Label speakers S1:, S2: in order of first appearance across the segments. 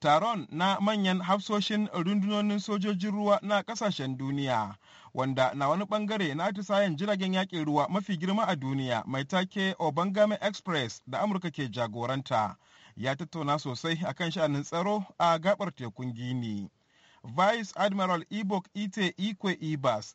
S1: taron na manyan hafsoshin rundunonin sojojin ruwa na kasashen duniya wanda na wani bangare na atisayen jiragen yakin ruwa mafi girma a duniya mai take obangame express da amurka ke jagoranta ya tattauna sosai a kan sha'anin tsaro a gabar tekun gini vice admiral ibok ite ikwe ibas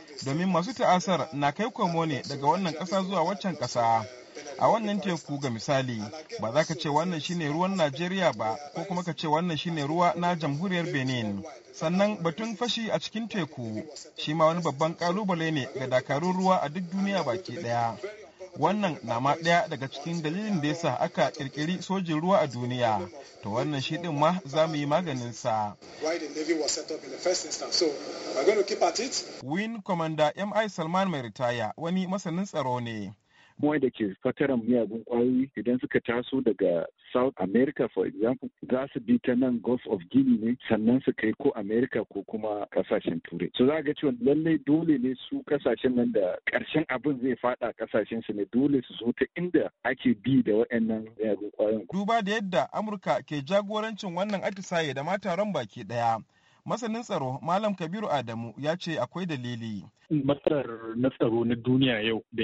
S1: domin masu ta'asar na kai komo ne daga wannan ƙasa zuwa waccan ƙasa. a wannan teku ga misali ba za ka ce wannan shine ruwan najeriya ba ko kuma ka ce wannan shine ruwa na jamhuriyar benin sannan batun fashi a cikin teku shi ma wani babban ƙalubale ne ga dakarun ruwa a duk duniya baki ɗaya. wannan na ma ɗaya daga cikin dalilin da yasa aka kirkiri sojin ruwa a duniya to wannan shi ɗin ma za mu yi maganin sa win commander mi salman mai ritaya wani masanin tsaro ne
S2: kuma da ke fataran miyagun kwayoyi idan suka taso daga South America for example za su bi ta nan Gulf of Guinea ne sannan su kai ko America ko kuma kasashen Turai. So za ga cewa lallai dole ne su kasashen nan da karshen abin zai fada kasashen su ne dole su zo ta inda ake bi da waɗannan miyagun kwayoyin.
S1: Duba da yadda Amurka ke jagorancin wannan atisaye da ma taron baki ɗaya. masanin tsaro malam kabiru adamu ya ce akwai dalili
S2: matsalar na tsaro na duniya yau da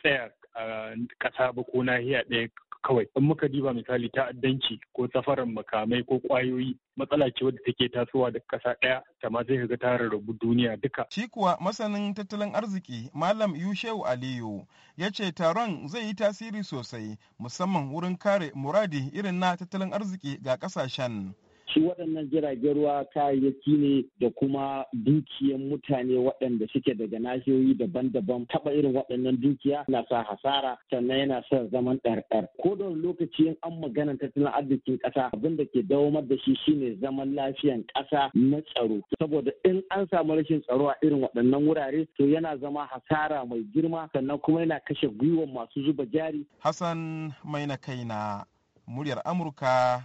S2: tsaya a ƙasa ba ko nahiya ɗaya kawai in muka diba misali ta'addanci ko safarar makamai ko ƙwayoyi matsala ce wadda take tasowa da kasa ɗaya ta ma zai ga ta rarrabu duniya duka. Shi kuwa masanin tattalin arziki
S1: Malam yushew Aliyu ya ce taron zai yi tasiri sosai musamman wurin kare muradi irin na tattalin arziki ga kasashen.
S3: shi waɗannan jiragen ruwa kayayyaki ne da kuma dukiyan mutane waɗanda suke daga nahiyoyi daban-daban taɓa irin waɗannan dukiya na sa hasara sannan yana sa zaman ɗarɗar ko da lokaci in an magana tattalin arzikin ƙasa abin da ke dawomar da shi shine zaman lafiyan ƙasa na tsaro saboda in an samu rashin tsaro a irin waɗannan wurare to yana zama hasara mai girma sannan kuma yana kashe gwiwan masu zuba jari
S1: hassan mai na kaina muryar amurka